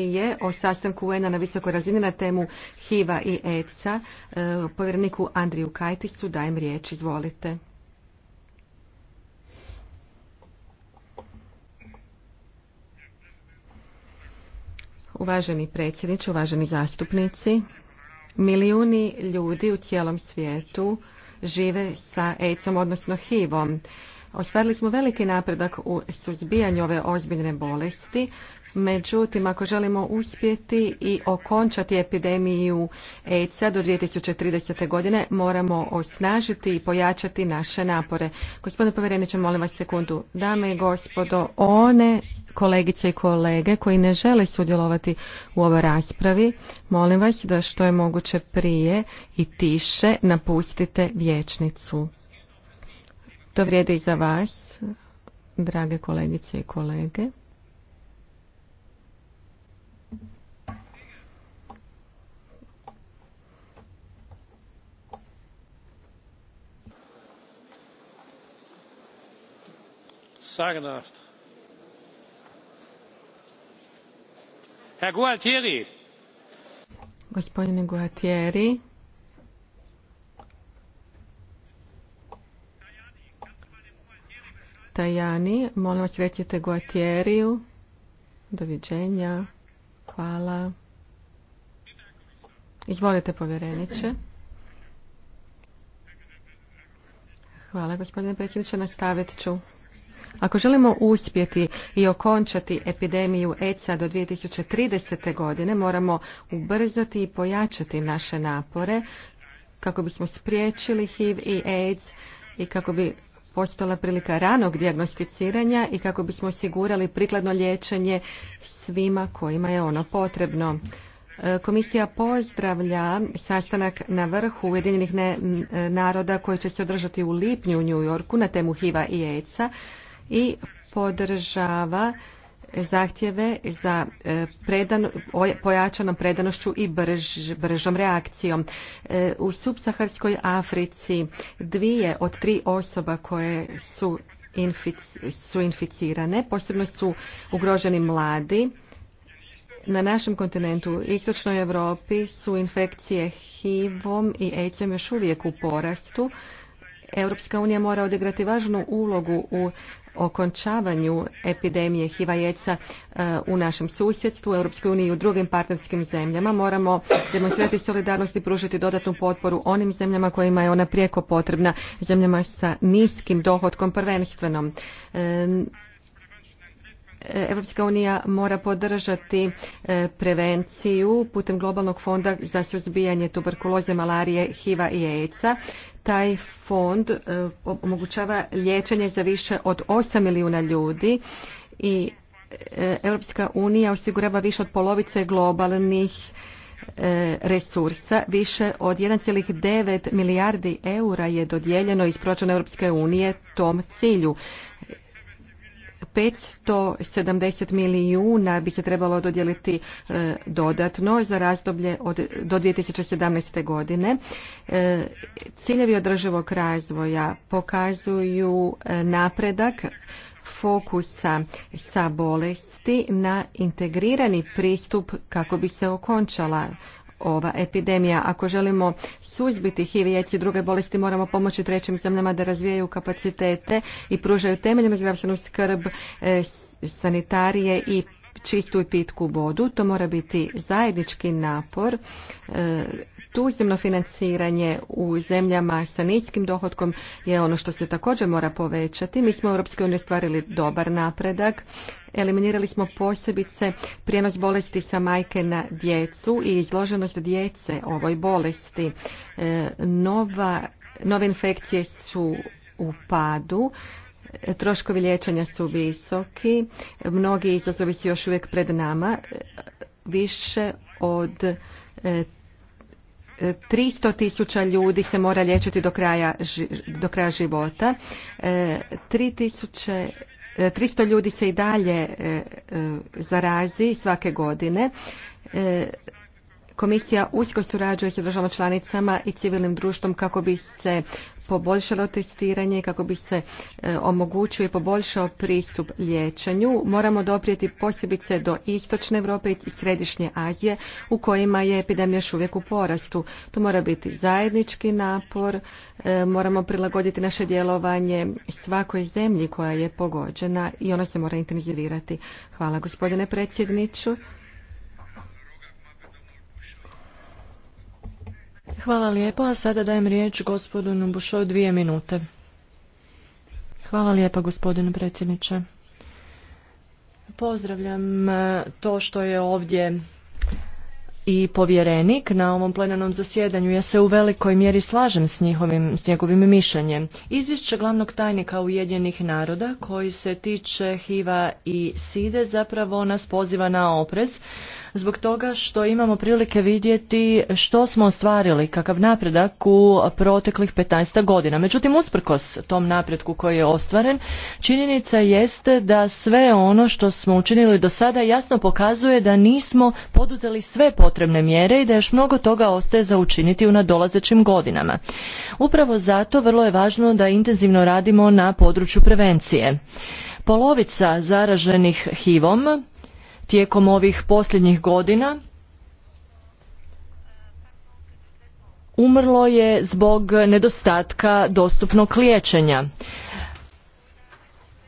je o sastanku un na visokoj razini na temu hiva i AIDS-a. E, povjereniku Andriju Kajticu dajem riječ, izvolite. Uvaženi predsjedniče, uvaženi zastupnici, milijuni ljudi u cijelom svijetu žive sa AIDS-om, odnosno HIV-om. Ostvarili smo veliki napredak u suzbijanju ove ozbiljne bolesti, međutim ako želimo uspjeti i okončati epidemiju AIDS-a do 2030. godine moramo osnažiti i pojačati naše napore. Gospodine povjereniče, molim vas sekundu. Dame i gospodo, one kolegice i kolege koji ne žele sudjelovati u ovoj raspravi, molim vas da što je moguće prije i tiše napustite vječnicu. To vrijedi i za vas, drage kolegice i kolege. sagenhaft. Herr Gospodine Gualtieri, Tajani, molim vas recite Guatjeriju. Doviđenja. Hvala. Izvolite povjereniče. Hvala gospodine predsjedniče, nastavit ću. Ako želimo uspjeti i okončati epidemiju ECA do 2030. godine, moramo ubrzati i pojačati naše napore kako bismo spriječili HIV i AIDS i kako bi postala prilika ranog dijagnosticiranja i kako bismo osigurali prikladno liječenje svima kojima je ono potrebno. E, komisija pozdravlja sastanak na vrhu Ujedinjenih naroda koji će se održati u lipnju u New Yorku na temu HIV-a i AIDS-a i podržava zahtjeve za e, predan, pojačanom predanošću i bržom reakcijom. E, u subsaharskoj Africi dvije od tri osoba koje su, su inficirane, posebno su ugroženi mladi, na našem kontinentu, istočnoj Europi, su infekcije HIV-om i AIDS-om još uvijek u porastu. Europska unija mora odigrati važnu ulogu u okončavanju epidemije HIV-a e, u našem susjedstvu, u Uniji i u drugim partnerskim zemljama. Moramo demonstrirati solidarnost i pružiti dodatnu potporu onim zemljama kojima je ona prijeko potrebna, zemljama sa niskim dohodkom prvenstvenom. E, Europska unija mora podržati e, prevenciju putem globalnog fonda za suzbijanje tuberkuloze, malarije, HIV-a i AIDS-a. Taj fond e, omogućava liječenje za više od 8 milijuna ljudi i Europska unija osigurava više od polovice globalnih e, resursa. Više od 1,9 milijardi eura je dodijeljeno iz proračuna Europske unije tom cilju. 570 milijuna bi se trebalo dodijeliti e, dodatno za razdoblje do 2017. godine. E, ciljevi održivog razvoja pokazuju e, napredak fokusa sa bolesti na integrirani pristup kako bi se okončala ova epidemija. Ako želimo suzbiti HIV i druge bolesti, moramo pomoći trećim zemljama da razvijaju kapacitete i pružaju temeljnu zdravstvenu skrb e, sanitarije i čistu i pitku vodu. To mora biti zajednički napor e, tuzemno financiranje u zemljama sa niskim dohodkom je ono što se također mora povećati. Mi smo u EU stvarili dobar napredak. Eliminirali smo posebice prijenos bolesti sa majke na djecu i izloženost djece ovoj bolesti. E, nova, nove infekcije su u padu. Troškovi liječenja su visoki, mnogi izazovi su još uvijek pred nama. E, više od e, 300 tisuća ljudi se mora liječiti do kraja, do kraja života. E, e, tristo 300 ljudi se i dalje e, zarazi svake godine. Komisija usko surađuje sa državama članicama i civilnim društvom kako bi se poboljšalo testiranje, kako bi se e, omogućio i poboljšao pristup liječenju. Moramo doprijeti posebice do istočne Europe i središnje Azije u kojima je epidemija još uvijek u porastu. To mora biti zajednički napor, e, moramo prilagoditi naše djelovanje svakoj zemlji koja je pogođena i ona se mora intenzivirati. Hvala gospodine predsjedniču. Hvala lijepo, a sada dajem riječ gospodinu Bušo dvije minute. Hvala lijepa gospodine predsjedniče. Pozdravljam e, to što je ovdje i povjerenik na ovom plenarnom zasjedanju. Ja se u velikoj mjeri slažem s, njihovim, s njegovim mišljenjem. Izvješće glavnog tajnika Ujedinjenih naroda koji se tiče Hiva i SIDE zapravo nas poziva na oprez zbog toga što imamo prilike vidjeti što smo ostvarili, kakav napredak u proteklih 15 godina. Međutim, usprkos tom napretku koji je ostvaren, činjenica jeste da sve ono što smo učinili do sada jasno pokazuje da nismo poduzeli sve potrebne mjere i da još mnogo toga ostaje za učiniti u nadolazećim godinama. Upravo zato vrlo je važno da intenzivno radimo na području prevencije. Polovica zaraženih HIV-om tijekom ovih posljednjih godina umrlo je zbog nedostatka dostupnog liječenja.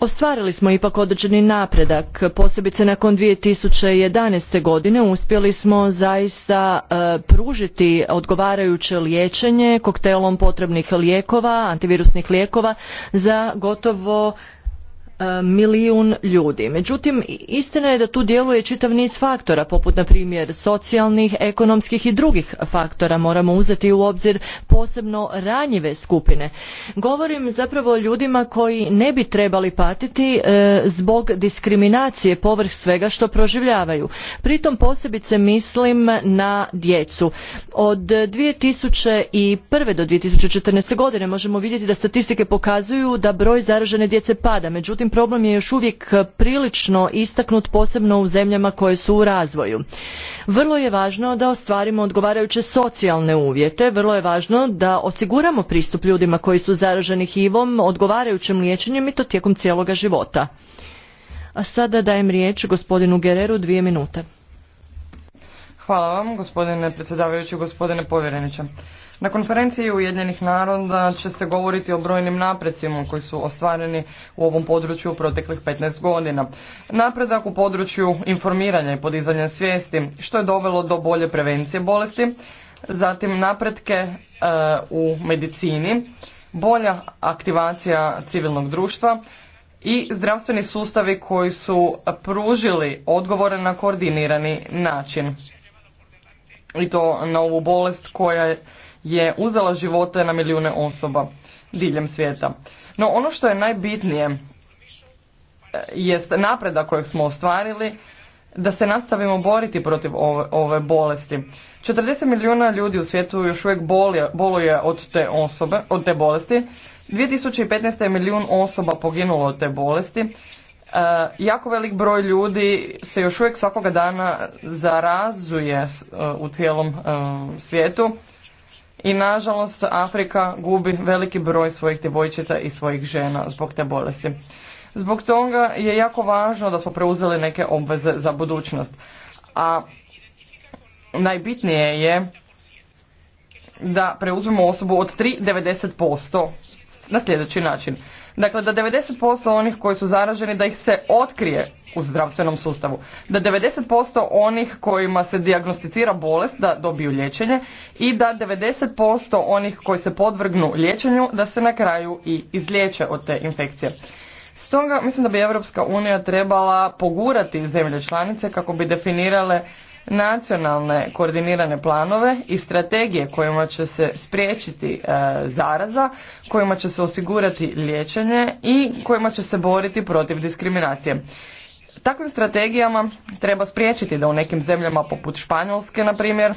Ostvarili smo ipak određeni napredak, posebice nakon 2011. godine uspjeli smo zaista e, pružiti odgovarajuće liječenje koktelom potrebnih lijekova, antivirusnih lijekova za gotovo E, milijun ljudi. Međutim, istina je da tu djeluje čitav niz faktora, poput na primjer socijalnih, ekonomskih i drugih faktora. Moramo uzeti u obzir posebno ranjive skupine. Govorim zapravo o ljudima koji ne bi trebali patiti e, zbog diskriminacije povrh svega što proživljavaju. Pritom posebice mislim na djecu. Od 2001. do 2014. godine možemo vidjeti da statistike pokazuju da broj zaražene djece pada. Međutim, problem je još uvijek prilično istaknut posebno u zemljama koje su u razvoju. Vrlo je važno da ostvarimo odgovarajuće socijalne uvjete, vrlo je važno da osiguramo pristup ljudima koji su zaraženi HIV-om odgovarajućim liječenjem i to tijekom cijeloga života. A sada dajem riječ gospodinu Gereru dvije minute. Hvala vam, gospodine predsjedavajući, gospodine povjereniče. Na konferenciji Ujedinjenih naroda će se govoriti o brojnim naprecima koji su ostvareni u ovom području u proteklih 15 godina. Napredak u području informiranja i podizanja svijesti, što je dovelo do bolje prevencije bolesti, zatim napretke e, u medicini, bolja aktivacija civilnog društva i zdravstveni sustavi koji su pružili odgovore na koordinirani način i to na ovu bolest koja je uzela živote na milijune osoba diljem svijeta. No ono što je najbitnije e, jest napredak kojeg smo ostvarili da se nastavimo boriti protiv ove, ove bolesti. 40 milijuna ljudi u svijetu još uvijek boluje, boluje od te osobe, od te bolesti. 2015. je milijun osoba poginulo od te bolesti E, jako velik broj ljudi se još uvijek svakoga dana zarazuje e, u cijelom e, svijetu i nažalost Afrika gubi veliki broj svojih djevojčica i svojih žena zbog te bolesti. Zbog toga je jako važno da smo preuzeli neke obveze za budućnost. A najbitnije je da preuzmemo osobu od 3,90% na sljedeći način. Dakle, da 90% onih koji su zaraženi, da ih se otkrije u zdravstvenom sustavu. Da 90% onih kojima se dijagnosticira bolest da dobiju liječenje i da 90% onih koji se podvrgnu liječenju da se na kraju i izliječe od te infekcije. Stoga mislim da bi Europska unija trebala pogurati zemlje članice kako bi definirale nacionalne koordinirane planove i strategije kojima će se spriječiti e, zaraza, kojima će se osigurati liječenje i kojima će se boriti protiv diskriminacije. Takvim strategijama treba spriječiti da u nekim zemljama poput Španjolske, na primjer, e,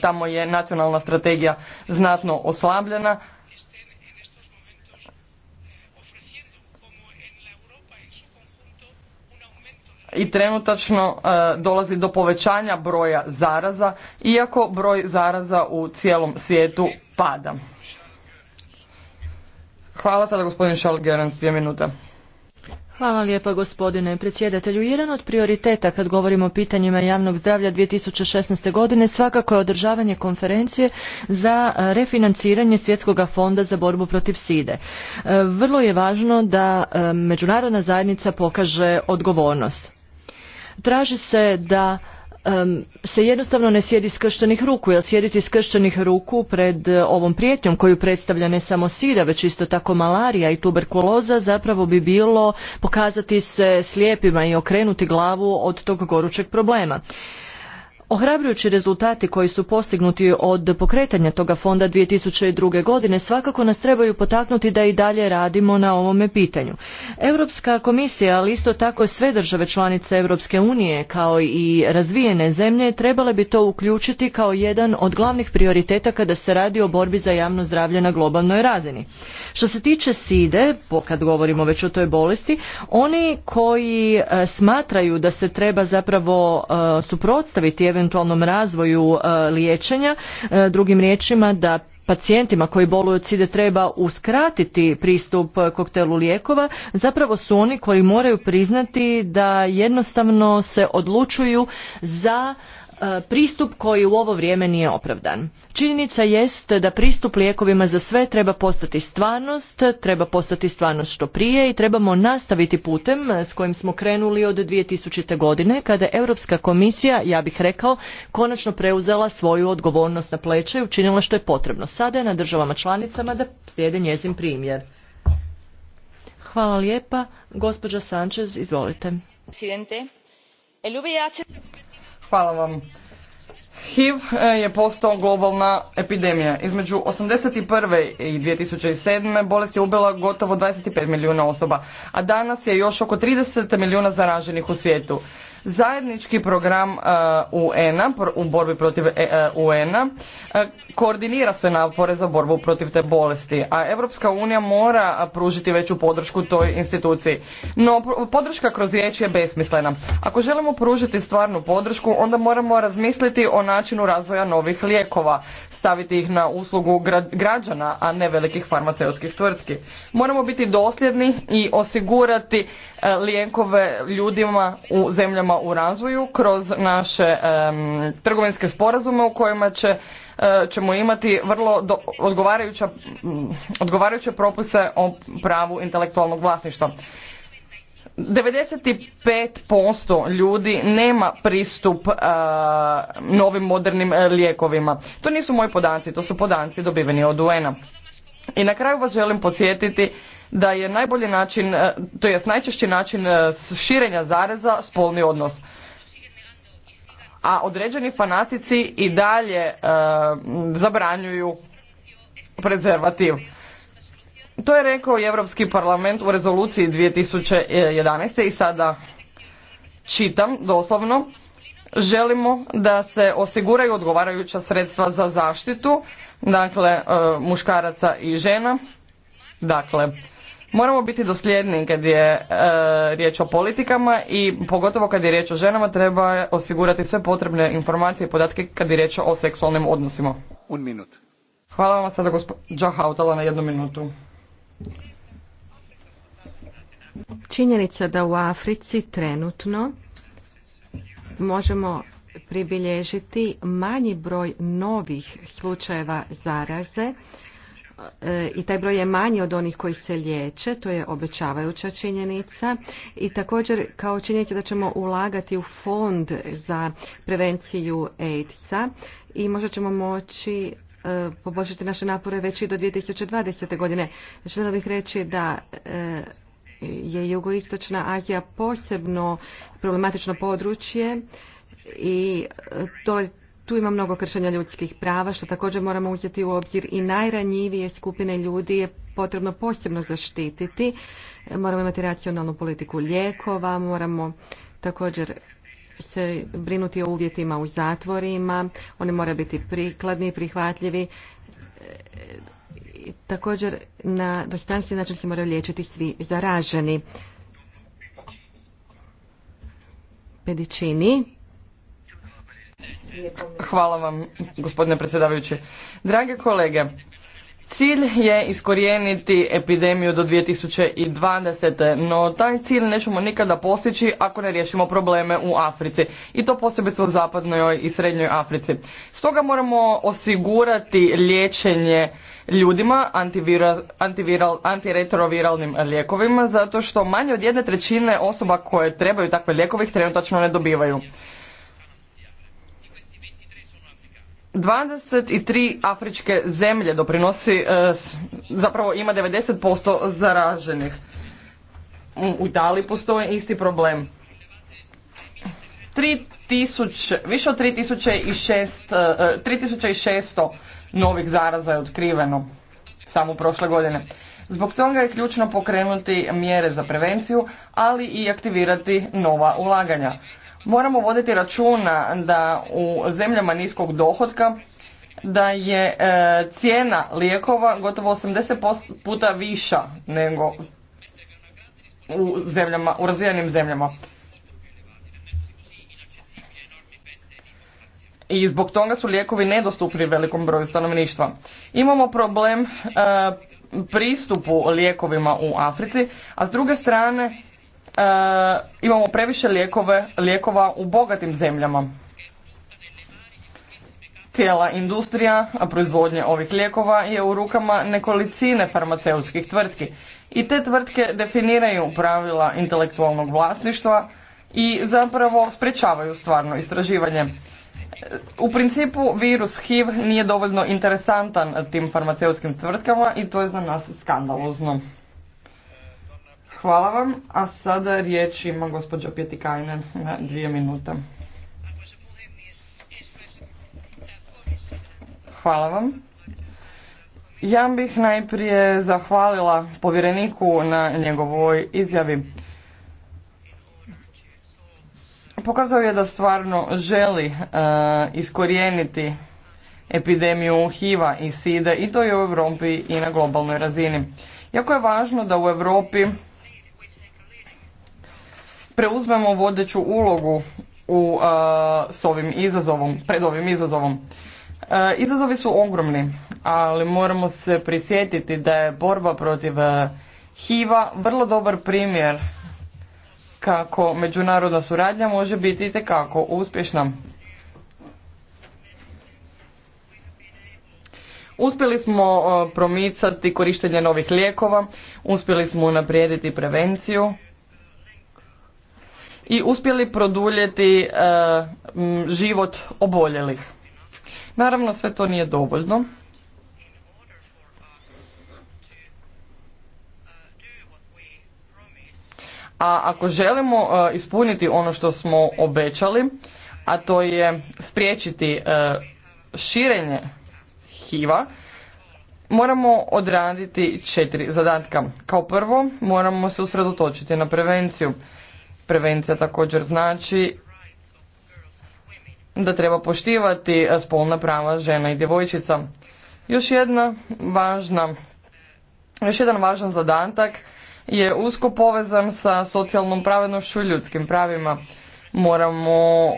tamo je nacionalna strategija znatno oslabljena, i trenutačno e, dolazi do povećanja broja zaraza iako broj zaraza u cijelom svijetu pada. Hvala sada gospodin dvije minute. Hvala lijepa gospodine predsjedatelju. Jedan od prioriteta kad govorimo o pitanjima javnog zdravlja 2016. godine svakako je održavanje konferencije za e, refinanciranje Svjetskog fonda za borbu protiv SIDE. E, vrlo je važno da međunarodna zajednica pokaže odgovornost. Traži se da se jednostavno ne sjedi skrštenih ruku, jer sjediti skrštenih ruku pred e, ovom prijetnjom koju predstavlja ne samo sida, već isto tako malarija i tuberkuloza zapravo bi bilo pokazati se slijepima i okrenuti glavu od tog gorućeg problema. Ohrabrujući rezultati koji su postignuti od pokretanja toga fonda 2002. godine svakako nas trebaju potaknuti da i dalje radimo na ovome pitanju. Europska komisija, ali isto tako sve države članice Europske unije kao i razvijene zemlje trebale bi to uključiti kao jedan od glavnih prioriteta kada se radi o borbi za javno zdravlje na globalnoj razini. Što se tiče SIDE, kad govorimo već o toj bolesti, oni koji e, smatraju da se treba zapravo e, suprotstaviti eventualnom razvoju e, liječenja. E, drugim riječima da pacijentima koji boluju od side treba uskratiti pristup koktelu lijekova, zapravo su oni koji moraju priznati da jednostavno se odlučuju za E, pristup koji u ovo vrijeme nije opravdan. Činjenica jest da pristup lijekovima za sve treba postati stvarnost, treba postati stvarnost što prije i trebamo nastaviti putem e, s kojim smo krenuli od 2000. godine kada je Europska komisija, ja bih rekao, konačno preuzela svoju odgovornost na pleće i učinila što je potrebno. Sada je na državama članicama da slijede njezin primjer. Hvala lijepa. Gospođa Sanchez, izvolite. El Hvala vam. HIV e, je postao globalna epidemija. Između 81. i 2007. bolest je ubila gotovo 25 milijuna osoba, a danas je još oko 30 milijuna zaraženih u svijetu. Zajednički program e, UN-a u borbi protiv e, UN-a koordinira sve napore za borbu protiv te bolesti, a Europska unija mora pružiti veću podršku toj instituciji. No, podrška kroz riječ je besmislena. Ako želimo pružiti stvarnu podršku, onda moramo razmisliti o načinu razvoja novih lijekova, staviti ih na uslugu građana, a ne velikih farmaceutskih tvrtki. Moramo biti dosljedni i osigurati e, lijekove ljudima u zemljama u razvoju kroz naše trgovinske sporazume u kojima će e, ćemo imati vrlo odgovarajuće propise o pravu intelektualnog vlasništva. 95% ljudi nema pristup e, novim modernim e, lijekovima. To nisu moji podanci, to su podanci dobiveni od UN-a. I na kraju vas želim podsjetiti da je najbolji način, e, to je najčešći način širenja zareza spolni odnos. A određeni fanatici i dalje zabranjuju prezervativ. To je rekao i Europski parlament u rezoluciji 2011. i sada čitam doslovno. Želimo da se osiguraju odgovarajuća sredstva za zaštitu, dakle e, muškaraca i žena. Dakle, moramo biti dosljedni kad je e, riječ o politikama i pogotovo kad je riječ o ženama treba osigurati sve potrebne informacije i podatke kad je riječ o seksualnim odnosima. Un minut. Hvala vam sada gospođa Hautala na jednu minutu. Činjenica da u Africi trenutno možemo pribilježiti manji broj novih slučajeva zaraze e, i taj broj je manji od onih koji se liječe, to je obećavajuća činjenica i također kao činjenica da ćemo ulagati u fond za prevenciju AIDS-a i možda ćemo moći E, poboljšati naše napore već i do 2020. godine. Želim bih reći da e, je jugoistočna Azija posebno problematično područje i e, to tu ima mnogo kršenja ljudskih prava, što također moramo uzeti u obzir i najranjivije skupine ljudi je potrebno posebno zaštititi. Moramo imati racionalnu politiku lijekova, moramo također se brinuti o uvjetima u zatvorima, oni moraju biti prikladni, prihvatljivi. E, također na dostanci način se moraju liječiti svi zaraženi. Pedičini. Hvala vam, gospodine predsjedavajući. Drage kolege, Cilj je iskorijeniti epidemiju do 2020. No taj cilj nećemo nikada postići ako ne riješimo probleme u Africi. I to posebice u zapadnoj i srednjoj Africi. Stoga moramo osigurati liječenje ljudima antiviral, antiretroviralnim lijekovima zato što manje od jedne trećine osoba koje trebaju takve lijekove ih trenutačno ne dobivaju. 23 afričke zemlje doprinosi, e, zapravo ima 90% zaraženih. U Italiji postoji isti problem. 3000, više od 3600, 3600 e, e, novih zaraza je otkriveno samo prošle godine. Zbog toga je ključno pokrenuti mjere za prevenciju, ali i aktivirati nova ulaganja. Moramo voditi računa da u zemljama niskog dohotka da je e, cijena lijekova gotovo 80 puta viša nego u zemljama, u razvijenim zemljama. I zbog toga su lijekovi nedostupni velikom broju stanovništva. Imamo problem e, pristupu lijekovima u Africi, a s druge strane E, imamo previše lijekove, lijekova u bogatim zemljama. Cijela industrija proizvodnje ovih lijekova je u rukama nekolicine farmaceutskih tvrtki i te tvrtke definiraju pravila intelektualnog vlasništva i zapravo sprečavaju stvarno istraživanje. E, u principu virus HIV nije dovoljno interesantan tim farmaceutskim tvrtkama i to je za nas skandalozno. Hvala vam, a sada riječ ima gospođa Pjetikajnen na dvije minute. Hvala vam. Ja bih najprije zahvalila povjereniku na njegovoj izjavi. Pokazao je da stvarno želi e, iskorijeniti epidemiju HIV-a i SIDA i to je u Europi i na globalnoj razini. Jako je važno da u Europi preuzmemo vodeću ulogu u, s ovim izazovom, pred ovim izazovom. Izazovi su ogromni, ali moramo se prisjetiti da je borba protiv HIV-a vrlo dobar primjer kako međunarodna suradnja može biti itekako uspješna. Uspjeli smo promicati korištenje novih lijekova, uspjeli smo unaprijediti prevenciju, i uspjeli produljeti e, život oboljelih. Naravno, sve to nije dovoljno. A ako želimo e, ispuniti ono što smo obećali, a to je spriječiti e, širenje HIV-a, moramo odraditi četiri zadatka. Kao prvo, moramo se usredotočiti na prevenciju. Prevencija također znači da treba poštivati spolna prava žena i djevojčica. Još jedna važna, još jedan važan zadatak je usko povezan sa socijalnom pravednošću i ljudskim pravima. Moramo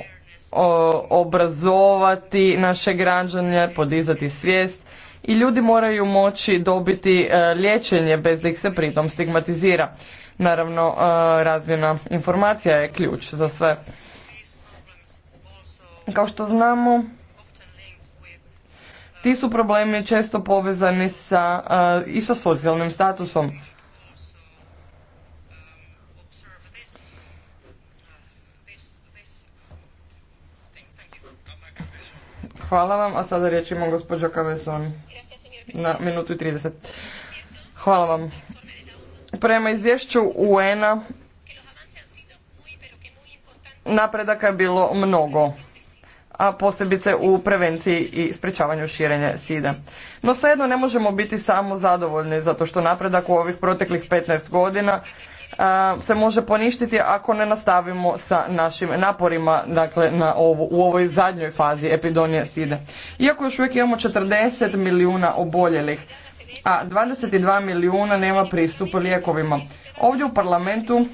obrazovati naše građane, podizati svijest i ljudi moraju moći dobiti e, liječenje bez da ih se pritom stigmatizira. Naravno, e, razmjena informacija je ključ za sve. Kao što znamo, ti su problemi često povezani sa, e, i sa socijalnim statusom. Hvala vam, a sada riječ ima gospođa Kaveson na minutu i 30. Hvala vam. Prema izvješću UN-a napredaka je bilo mnogo a posebice u prevenciji i sprečavanju širenja sida. No svejedno ne možemo biti samo zadovoljni zato što napredak u ovih proteklih 15 godina se može poništiti ako ne nastavimo sa našim naporima dakle, na ovu, u ovoj zadnjoj fazi epidonije sida. Iako još uvijek imamo 40 milijuna oboljelih, a 22 milijuna nema pristup lijekovima. Ovdje u parlamentu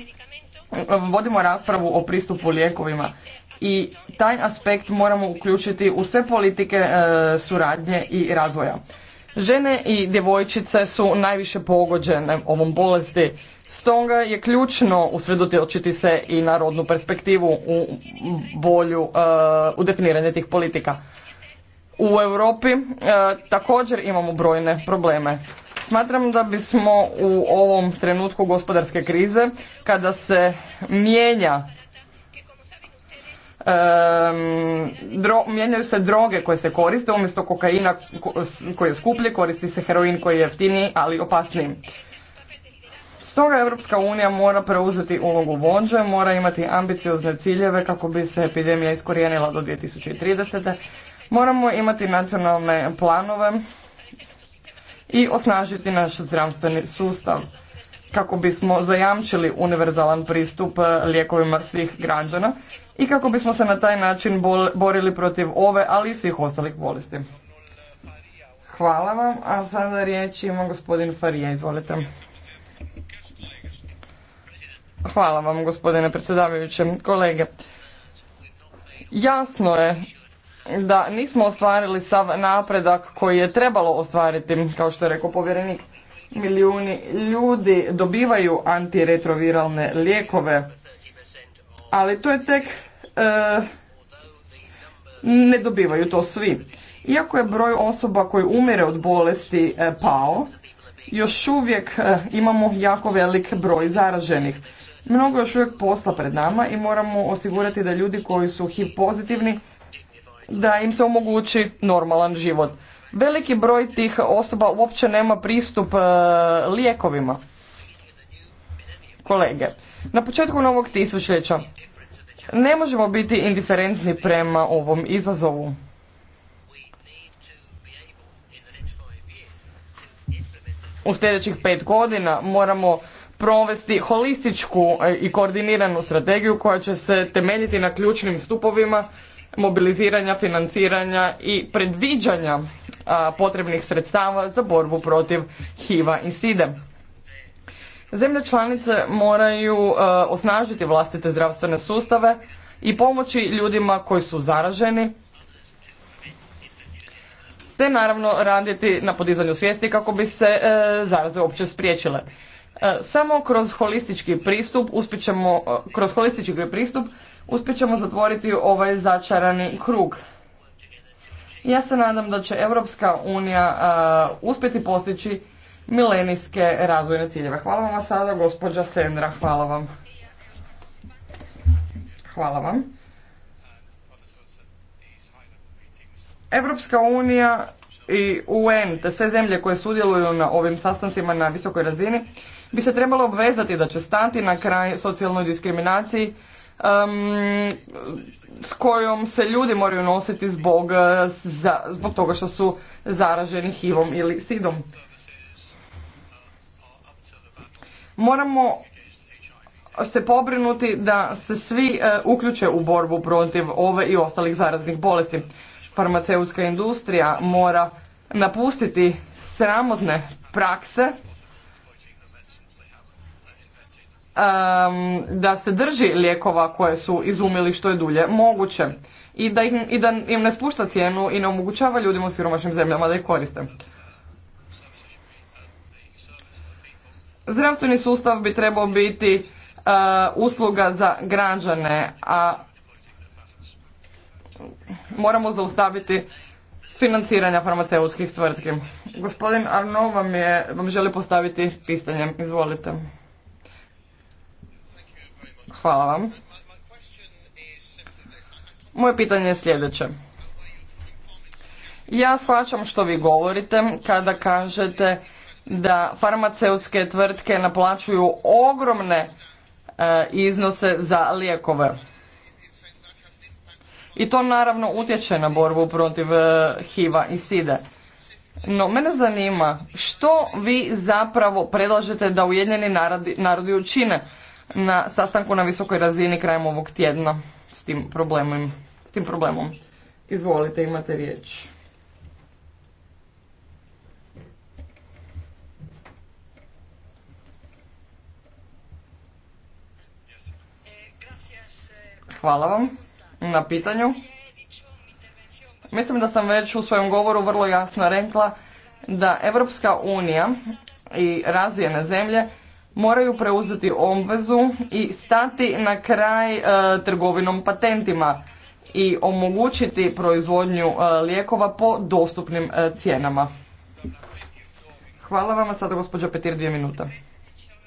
e, vodimo raspravu o pristupu lijekovima i taj aspekt moramo uključiti u sve politike e, suradnje i razvoja. Žene i djevojčice su najviše pogođene ovom bolesti, stoga je ključno usredotočiti se i na rodnu perspektivu u bolju e, u definiranje tih politika u Europi e, također imamo brojne probleme. Smatram da bismo u ovom trenutku gospodarske krize kada se mijenja Dro, mijenjaju se droge koje se koriste, umjesto kokaina koji je skuplji, koristi se heroin koji je jeftiniji, ali opasniji. Stoga Europska unija mora preuzeti ulogu vođe, mora imati ambiciozne ciljeve kako bi se epidemija iskorijenila do 2030. Moramo imati nacionalne planove i osnažiti naš zdravstveni sustav kako bismo zajamčili univerzalan pristup eh, lijekovima svih građana i kako bismo se na taj način borili protiv ove, ali i svih ostalih bolesti. Hvala vam, a sada riječ ima gospodin Farija, izvolite. Hvala vam, gospodine predsjedavajuće, kolege. Jasno je da nismo ostvarili sav napredak koji je trebalo ostvariti, kao što je rekao povjerenik. Milijuni ljudi dobivaju antiretroviralne lijekove, ali to je tek, e, ne dobivaju to svi. Iako je broj osoba koji umire od bolesti e, pao, još uvijek e, imamo jako velik broj zaraženih. Mnogo još uvijek posla pred nama i moramo osigurati da ljudi koji su HIV pozitivni da im se omogući normalan život. Veliki broj tih osoba uopće nema pristup e, lijekovima. Kolege, na početku novog tisućljeća ne možemo biti indiferentni prema ovom izazovu. U sljedećih pet godina moramo provesti holističku e, i koordiniranu strategiju koja će se temeljiti na ključnim stupovima mobiliziranja, financiranja i predviđanja potrebnih sredstava za borbu protiv HIV-a i SIDE. Zemlje članice moraju osnažiti vlastite zdravstvene sustave i pomoći ljudima koji su zaraženi te naravno raditi na podizanju svijesti kako bi se e, zaraze uopće spriječile. E, samo kroz holistički pristup uspjećemo, e, kroz holistički pristup uspjet ćemo zatvoriti ovaj začarani krug. Ja se nadam da će Europska unija uspjeti postići milenijske razvojne ciljeve. Hvala vam sada, gospođa Sendra. Hvala vam. Hvala vam. Europska unija i UN, te sve zemlje koje sudjeluju na ovim sastancima na visokoj razini, bi se trebalo obvezati da će stati na kraj socijalnoj diskriminaciji um, s kojom se ljudi moraju nositi zbog, eh, za, zbog toga što su zaraženi hivom ili sidom. Moramo se pobrinuti da se svi eh, uključe u borbu protiv ove i ostalih zaraznih bolesti. Farmaceutska industrija mora napustiti sramotne prakse um, da se drži lijekova koje su izumili što je dulje moguće i da, im, i da im ne spušta cijenu i ne omogućava ljudima u siromašnim zemljama da ih koriste. Zdravstveni sustav bi trebao biti eh, usluga za građane, a moramo zaustaviti financiranja farmaceutskih tvrtki. Gospodin Arno vam, je, vam želi postaviti pitanje. Izvolite. Hvala vam. Moje pitanje je sljedeće. Ja shvaćam što vi govorite kada kažete da farmaceutske tvrtke naplaćuju ogromne e, iznose za lijekove. I to naravno utječe na borbu protiv e, HIV-a i SIDE. No, mene zanima što vi zapravo predlažete da Ujedinjeni narodi, narodi učine na sastanku na visokoj razini krajem ovog tjedna s tim problemom. S tim problemom. Izvolite, imate riječ. Hvala vam na pitanju. Mislim da sam već u svojem govoru vrlo jasno rekla da Europska unija i razvijene zemlje moraju preuzeti obvezu i stati na kraj e, trgovinom patentima i omogućiti proizvodnju e, lijekova po dostupnim e, cijenama. Hvala vam, sada gospođa Petir, dvije minuta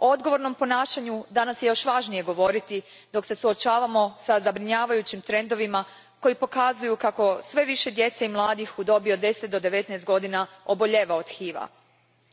o odgovornom ponašanju danas je još važnije govoriti dok se suočavamo sa zabrinjavajućim trendovima koji pokazuju kako sve više djece i mladih u dobi od deset do devetnaest godina obolijeva od hiv a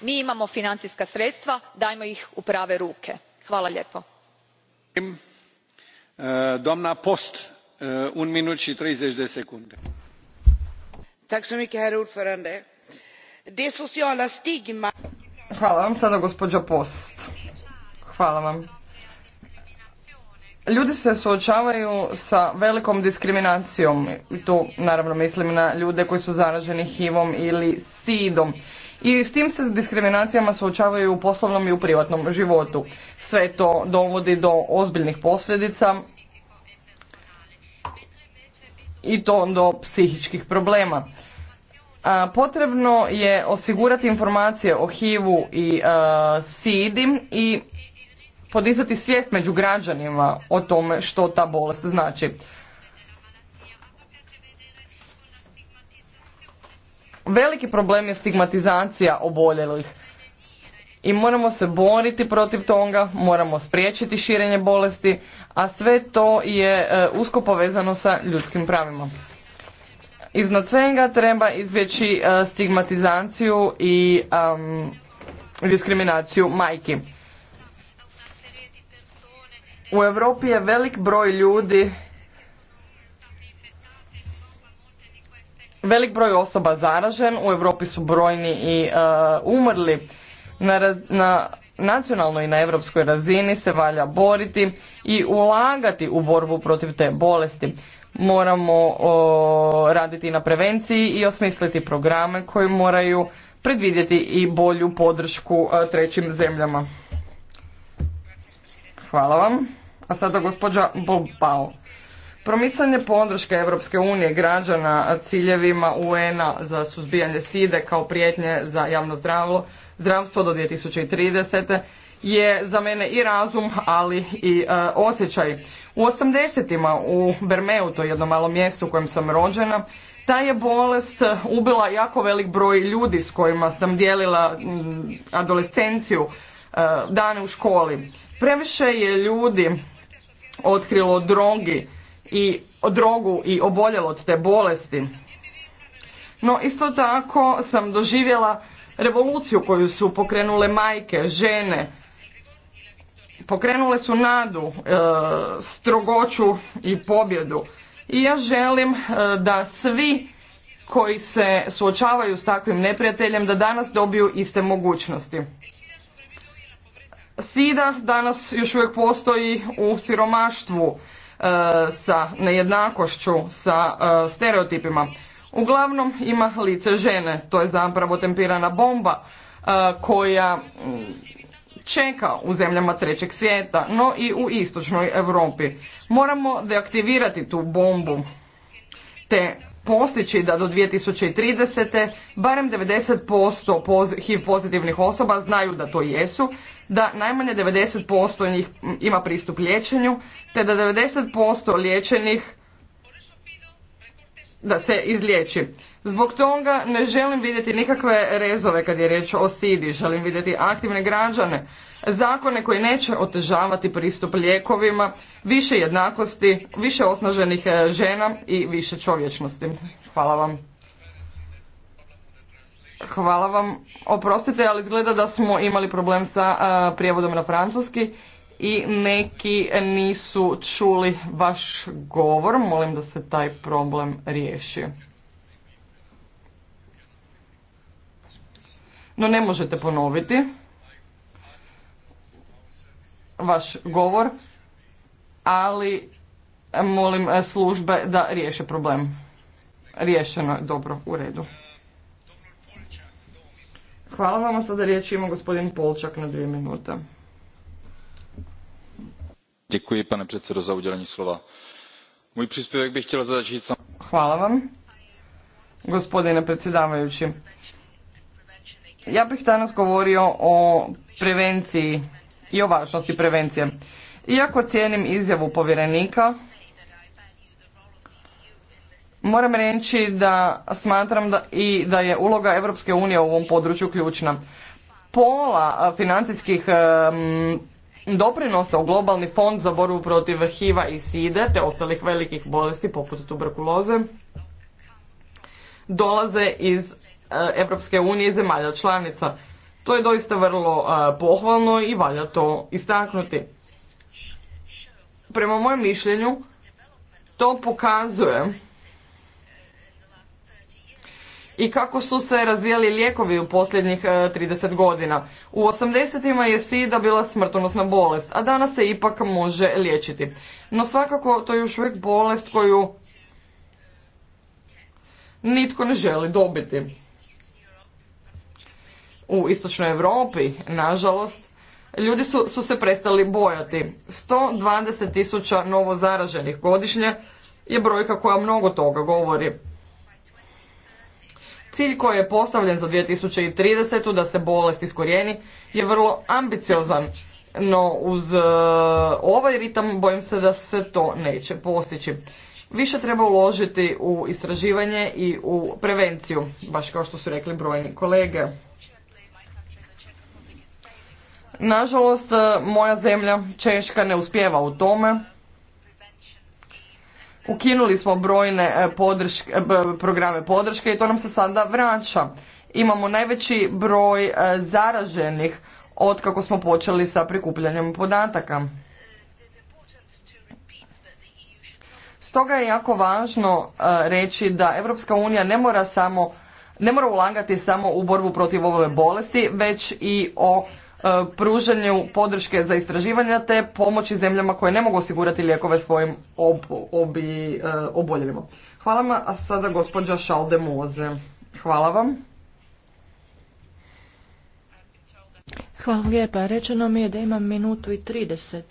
mi imamo financijska sredstva dajmo ih u prave ruke. hvala lijepo. Eh, eh, hvala vam sada Post. Hvala vam. Ljudi se suočavaju sa velikom diskriminacijom. Tu naravno mislim na ljude koji su zaraženi HIV-om ili SIDom i s tim se diskriminacijama suočavaju u poslovnom i u privatnom životu. Sve to dovodi do ozbiljnih posljedica i to do psihičkih problema. potrebno je osigurati informacije o HIV-u i SIDI i podizati svijest među građanima o tome što ta bolest znači. Veliki problem je stigmatizacija oboljelih i moramo se boriti protiv toga, moramo spriječiti širenje bolesti, a sve to je e, usko povezano sa ljudskim pravima. Iznad svega treba izbjeći e, stigmatizaciju i diskriminaciju majki. U Europi je velik broj ljudi velik broj osoba zaražen, u Europi su brojni i e, umrli. Na, na nacionalnoj i na europskoj razini se valja boriti i ulagati u borbu protiv te bolesti. Moramo raditi na prevenciji i osmisliti programe koji moraju predvidjeti i bolju podršku e, trećim zemljama. Hvala vam. A sada gospođa Bobao. Promicanje podrške Europske unije građana ciljevima UN-a za suzbijanje side kao prijetnje za javno zdravstvo do 2030. je za mene i razum, ali i e, osjećaj. U 80-ima u Bermeu, to je jedno malo mjesto u kojem sam rođena, ta je bolest ubila jako velik broj ljudi s kojima sam dijelila mm, adolescenciju, e, dane u školi. Previše je ljudi otkrilo drogi, i drogu i oboljelo od te bolesti. No isto tako sam doživjela revoluciju koju su pokrenule majke, žene, pokrenule su nadu, e, strogoću i pobjedu. I ja želim e, da svi koji se suočavaju s takvim neprijateljem da danas dobiju iste mogućnosti. Sida danas još uvijek postoji u siromaštvu, E, sa nejednakošću, sa e, stereotipima. Uglavnom ima lice žene, to je zapravo tempirana bomba e, koja mm, čeka u zemljama trećeg svijeta, no i u istočnoj Europi. Moramo deaktivirati tu bombu te postići da do 2030. barem 90% HIV pozitivnih osoba znaju da to jesu, da najmanje 90% njih ima pristup liječenju, te da 90% liječenih da se izliječi. Zbog toga ne želim vidjeti nikakve rezove kad je riječ o sidi, želim vidjeti aktivne građane, zakone koji neće otežavati pristup lijekovima, više jednakosti, više osnaženih e, žena i više čovječnosti. Hvala vam. Hvala vam. Oprostite, ali izgleda da smo imali problem sa e, prijevodom na francuski i neki nisu čuli vaš govor. Molim da se taj problem riješi. no ne možete ponoviti vaš govor, ali molim e, službe da riješe problem. Riješeno je dobro, u redu. Hvala vam, sada riječ ima gospodin Polčak na dvije minute. Děkuji, pane předsedo, za udělení slova. Můj příspěvek bych chtěl začít sam... Hvala vam, gospodine predsjedavajući. Ja bih danas govorio o prevenciji i o važnosti prevencije. Iako cijenim izjavu povjerenika, moram reći da smatram da i da je uloga Europske unije u ovom području ključna. Pola financijskih doprinosa u globalni fond za borbu protiv HIV-a i SIDE te ostalih velikih bolesti poput tuberkuloze dolaze iz Europske unije i zemalja članica. To je doista vrlo e, pohvalno i valja to istaknuti. Prema mojem mišljenju, to pokazuje i kako su se razvijali lijekovi u posljednjih 30 e, godina. U 80-ima je sida bila smrtonosna bolest, a danas se ipak može liječiti. No svakako to je još uvijek bolest koju nitko ne želi dobiti u istočnoj Europi, nažalost, ljudi su, su se prestali bojati. 120 tisuća novo zaraženih godišnje je brojka koja mnogo toga govori. Cilj koji je postavljen za 2030. da se bolest iskorijeni je vrlo ambiciozan, no uz e, ovaj ritam bojim se da se to neće postići. Više treba uložiti u istraživanje i u prevenciju, baš kao što su rekli brojni kolege. Nažalost, e, moja zemlja, Češka, ne uspjeva u tome. Ukinuli smo brojne e, podrške, programe podrške i to nam se sada vraća. Imamo najveći broj e, zaraženih od kako smo počeli sa prikupljanjem podataka. Stoga je jako važno reći da Europska unija ne mora samo ne mora ulagati samo u borbu protiv ove bolesti, već i o E, pružanju podrške za istraživanja te pomoći zemljama koje ne mogu osigurati lijekove svojim ob, obi, e, oboljelima. Hvala vam, a sada gospođa Šalde Moze. Hvala vam. Hvala lijepa. Rečeno mi je da imam minutu i 30.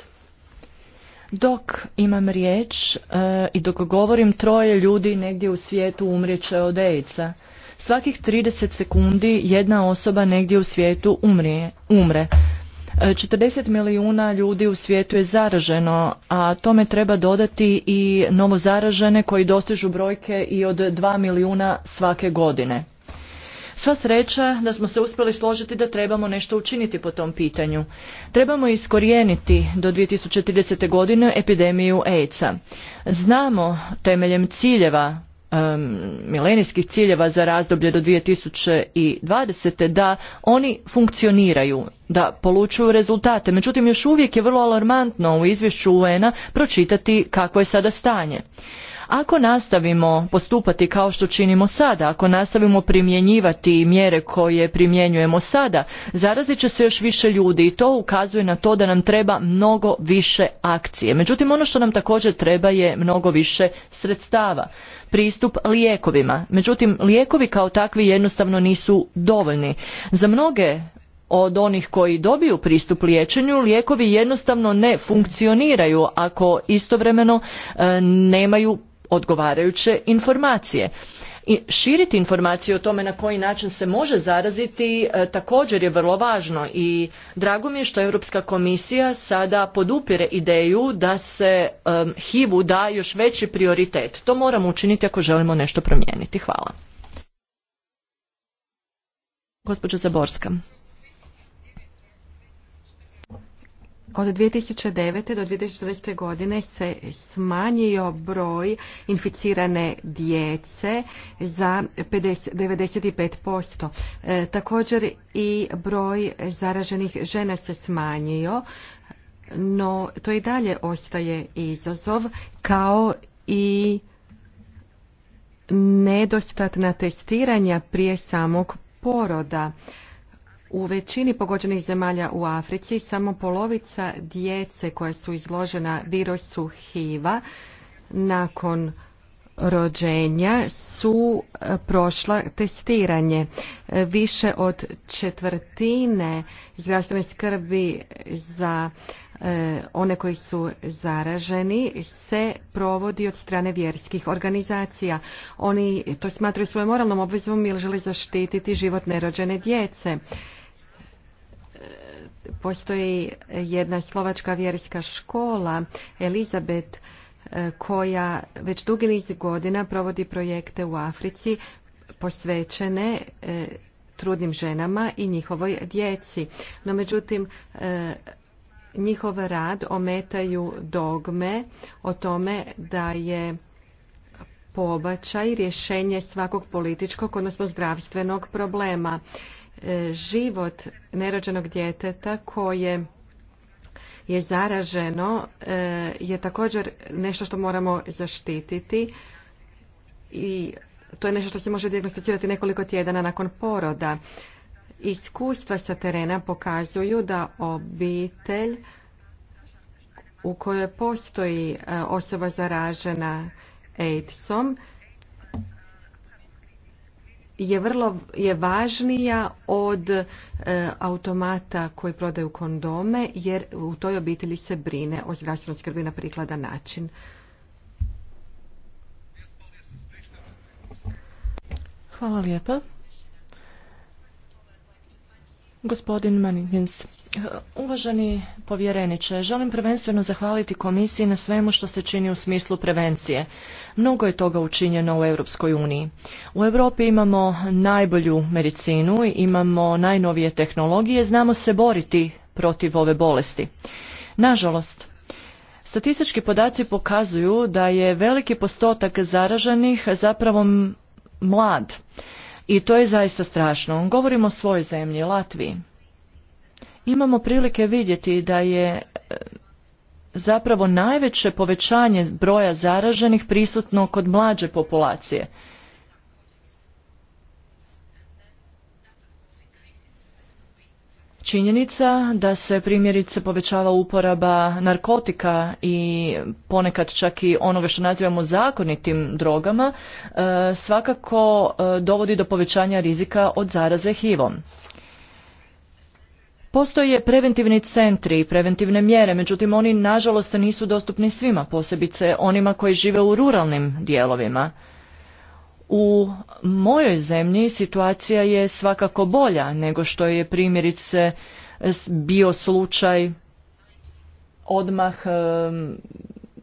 Dok imam riječ e, i dok govorim troje ljudi negdje u svijetu umrijeće od aids Svakih 30 sekundi jedna osoba negdje u svijetu umrije, umre. 40 e, milijuna ljudi u svijetu je zaraženo, a tome treba dodati i novo zaražene koji dostižu brojke i od 2 milijuna svake godine. Sva sreća da smo se uspjeli složiti da trebamo nešto učiniti po tom pitanju. Trebamo iskorijeniti do 2030. godine epidemiju AIDS-a. Znamo temeljem ciljeva um, milenijskih ciljeva za razdoblje do 2020. da oni funkcioniraju, da polučuju rezultate. Međutim, još uvijek je vrlo alarmantno u izvješću UN-a pročitati kakvo je sada stanje. Ako nastavimo postupati kao što činimo sada, ako nastavimo primjenjivati mjere koje primjenjujemo sada, zarazit će se još više ljudi i to ukazuje na to da nam treba mnogo više akcije. Međutim, ono što nam također treba je mnogo više sredstava pristup lijekovima. Međutim, lijekovi kao takvi jednostavno nisu dovoljni. Za mnoge od onih koji dobiju pristup liječenju, lijekovi jednostavno ne funkcioniraju ako istovremeno e, nemaju odgovarajuće informacije. I širiti informacije o tome na koji način se može zaraziti e, također je vrlo važno i drago mi je što Europska komisija sada podupire ideju da se HIV-u da još veći prioritet. To moramo učiniti ako želimo nešto promijeniti. Hvala. Gospođa Zaborska. od 2009. do 2014. godine se smanjio broj inficirane djece za 95%. E, također i broj zaraženih žena se smanjio, no to i dalje ostaje izazov kao i nedostatna testiranja prije samog poroda. U većini pogođenih zemalja u Africi samo polovica djece koja su izložena virusu HIV-a nakon rođenja su e, prošla testiranje. E, više od četvrtine zdravstvene skrbi za e, one koji su zaraženi se provodi od strane vjerskih organizacija. Oni to smatraju svojom moralnom obvezom ili žele zaštititi život nerođene djece postoji jedna slovačka vjerska škola Elizabet e, koja već dugi niz godina provodi projekte u Africi posvećene e, trudnim ženama i njihovoj djeci. No međutim, e, njihov rad ometaju dogme o tome da je pobačaj rješenje svakog političkog, odnosno zdravstvenog problema. E, život nerođenog djeteta koje je zaraženo e, je također nešto što moramo zaštititi i to je nešto što se može dijagnosticirati nekoliko tjedana nakon poroda. Iskustva sa terena pokazuju da obitelj u kojoj postoji e, osoba zaražena AIDSom je vrlo je važnija od e, automata koji prodaju kondome jer u toj obitelji se brine o zdravstvenoj skrbi na prikladan način. Hvala lijepa. Gospodin Manikins, uvaženi povjereniče, želim prvenstveno zahvaliti komisiji na svemu što se čini u smislu prevencije. Mnogo je toga učinjeno u Europskoj uniji. U Europi imamo najbolju medicinu, imamo najnovije tehnologije, znamo se boriti protiv ove bolesti. Nažalost, statistički podaci pokazuju da je veliki postotak zaraženih zapravo mlad. I to je zaista strašno. Govorimo o svojoj zemlji, Latviji. Imamo prilike vidjeti da je e, zapravo najveće povećanje broja zaraženih prisutno kod mlađe populacije. Činjenica da se primjerice povećava uporaba narkotika i ponekad čak i onoga što nazivamo zakonitim drogama e, svakako e, dovodi do povećanja rizika od zaraze HIV-om. Postoje preventivni centri i preventivne mjere, međutim oni nažalost nisu dostupni svima, posebice onima koji žive u ruralnim dijelovima. U mojoj zemlji situacija je svakako bolja nego što je primjerice bio slučaj odmah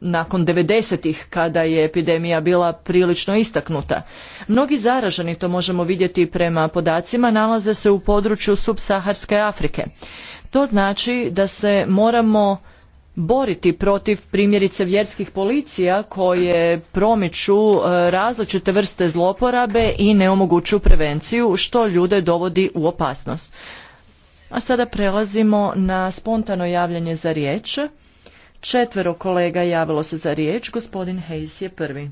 nakon 90-ih kada je epidemija bila prilično istaknuta. Mnogi zaraženi, to možemo vidjeti prema podacima, nalaze se u području subsaharske Afrike. To znači da se moramo boriti protiv primjerice vjerskih policija koje promiču e, različite vrste zloporabe i ne omogućuju prevenciju što ljude dovodi u opasnost. A sada prelazimo na spontano javljanje za riječ. Četvero kolega javilo se za riječ, gospodin Hejs je prvi.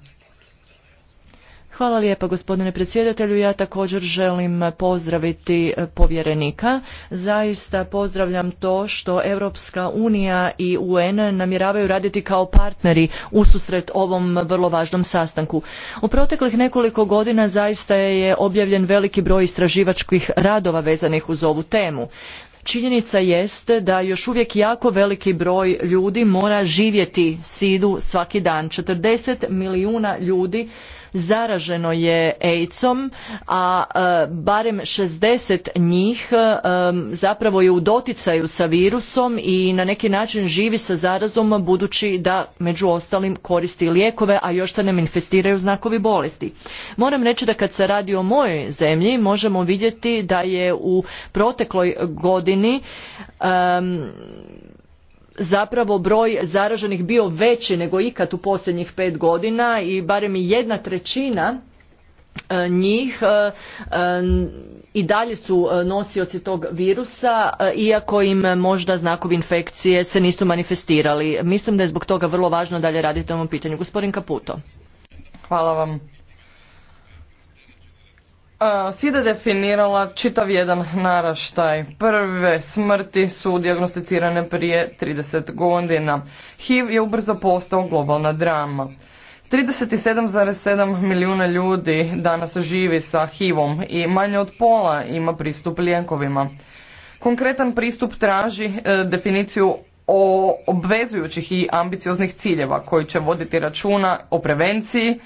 Hvala lijepa gospodine predsjedatelju. Ja također želim pozdraviti e, povjerenika. Zaista pozdravljam to što Europska unija i UN namjeravaju raditi kao partneri u susret ovom vrlo važnom sastanku. U proteklih nekoliko godina zaista je objavljen veliki broj istraživačkih radova vezanih uz ovu temu. Činjenica jest da još uvijek jako veliki broj ljudi mora živjeti sidu svaki dan. 40 milijuna ljudi zaraženo je AIDS-om, a e, barem 60 njih e, zapravo je u doticaju sa virusom i na neki način živi sa zarazom budući da među ostalim koristi lijekove, a još se ne manifestiraju znakovi bolesti. Moram reći da kad se radi o mojoj zemlji možemo vidjeti da je u protekloj godini e, zapravo broj zaraženih bio veći nego ikad u posljednjih pet godina i barem i jedna trećina e, njih e, e, i dalje su nosioci tog virusa iako im možda znakovi infekcije se nisu manifestirali. Mislim da je zbog toga vrlo važno dalje raditi na ovom pitanju. Gospodin Kaputo. Hvala vam. SIDA definirala čitav jedan naraštaj. Prve smrti su dijagnosticirane prije 30 godina. HIV je ubrzo postao globalna drama. 37,7 milijuna ljudi danas živi sa HIVom i manje od pola ima pristup lijekovima. Konkretan pristup traži e, definiciju o obvezujućih i ambicioznih ciljeva koji će voditi računa o prevenciji,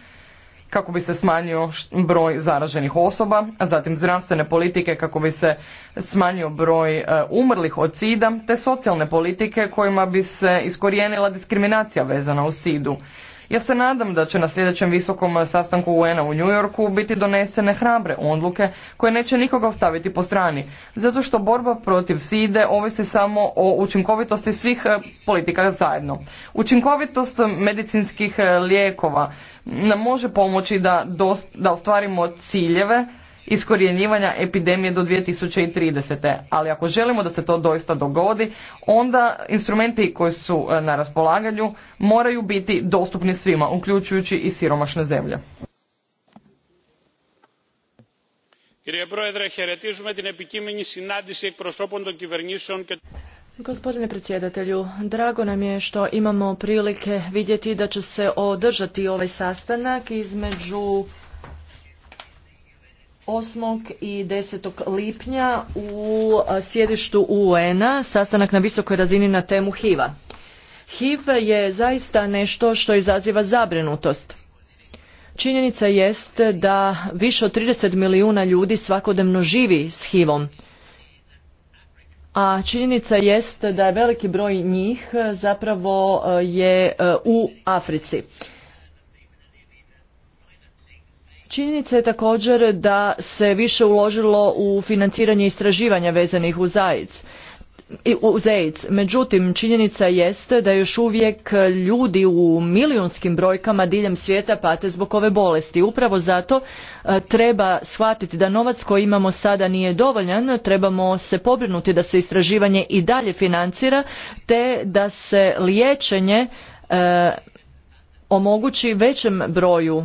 kako bi se smanjio broj zaraženih osoba, a zatim zdravstvene politike kako bi se smanjio broj e, umrlih od sida, te socijalne politike kojima bi se iskorijenila diskriminacija vezana u sidu. Ja se nadam da će na sljedećem visokom sastanku UN-a u New Yorku biti donesene hrabre odluke koje neće nikoga ostaviti po strani, zato što borba protiv SIDE ovisi samo o učinkovitosti svih e, politika zajedno. Učinkovitost medicinskih e, lijekova nam može pomoći da, da ostvarimo ciljeve iskorjenjivanja epidemije do 2030. Ali ako želimo da se to doista dogodi, onda instrumenti koji su e, na raspolaganju moraju biti dostupni svima, uključujući i siromašne zemlje. Gospodine predsjedatelju, drago nam je što imamo prilike vidjeti da će se održati ovaj sastanak između 8. i 10. lipnja u e, sjedištu UN-a sastanak na visokoj razini na temu HIV-a. HIV je zaista nešto što izaziva zabrinutost. Činjenica jest da više od 30 milijuna ljudi svakodnevno živi s HIV-om. A činjenica jest da je veliki broj njih e, zapravo e, je u Africi. Činjenica je također da se više uložilo u financiranje istraživanja vezanih uz AIDS. Međutim, činjenica jeste da još uvijek ljudi u milijunskim brojkama diljem svijeta pate zbog ove bolesti. Upravo zato e, treba shvatiti da novac koji imamo sada nije dovoljan, trebamo se pobrinuti da se istraživanje i dalje financira, te da se liječenje e, omogući većem broju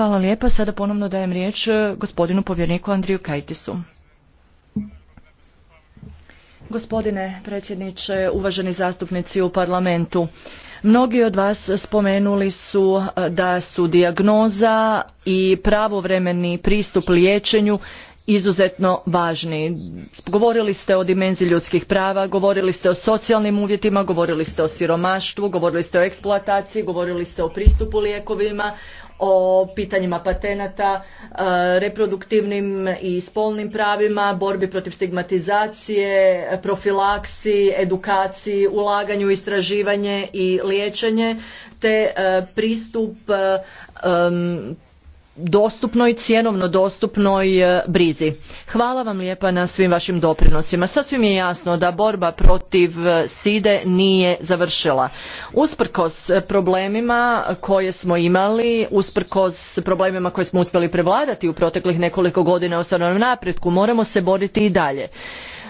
Hvala lijepa. Sada ponovno dajem riječ e, gospodinu povjerniku Andriju Kajtisu. Gospodine predsjedniče, uvaženi zastupnici u parlamentu, Mnogi od vas spomenuli su e, da su dijagnoza i pravovremeni pristup liječenju izuzetno važni. Govorili ste o dimenziji ljudskih prava, govorili ste o socijalnim uvjetima, govorili ste o siromaštvu, govorili ste o eksploataciji, govorili ste o pristupu lijekovima, o pitanjima patenata, e, reproduktivnim i spolnim pravima, borbi protiv stigmatizacije, profilaksi, edukaciji, ulaganju u istraživanje i liječenje, te e, pristup e, dostupnoj, cjenovno dostupnoj e, brizi. Hvala vam lijepa na svim vašim doprinosima. Sasvim je jasno da borba protiv e, SIDE nije završila. Usprkos problemima koje smo imali, usprkos problemima koje smo uspjeli prevladati u proteklih nekoliko godina u stvarnom napretku, moramo se boriti i dalje.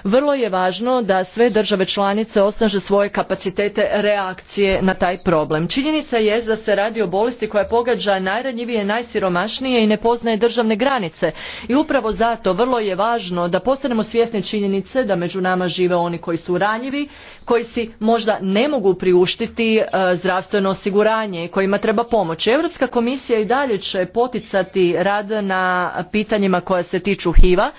Vrlo je važno da sve države članice osnaže svoje kapacitete reakcije na taj problem. Činjenica jest da se radi o bolesti koja pogađa najranjivije, najsiromašnije i ne poznaje državne granice. I upravo zato vrlo je važno da postanemo svjesni činjenice da među nama žive oni koji su ranjivi, koji si možda ne mogu priuštiti e, zdravstveno osiguranje i kojima treba pomoći. Europska komisija i dalje će poticati rad na pitanjima koja se tiču HIV-a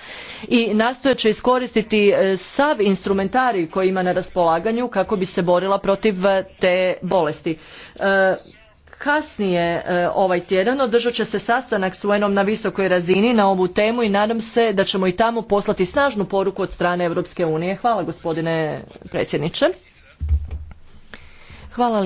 i nastojat će iskoristiti e, sav instrumentarij koji ima na raspolaganju kako bi se borila protiv e, te bolesti e, kasnije ovaj tjedan održat će se sastanak s UN-om na visokoj razini na ovu temu i nadam se da ćemo i tamo poslati snažnu poruku od strane Europske unije. Hvala gospodine predsjedniče. Hvala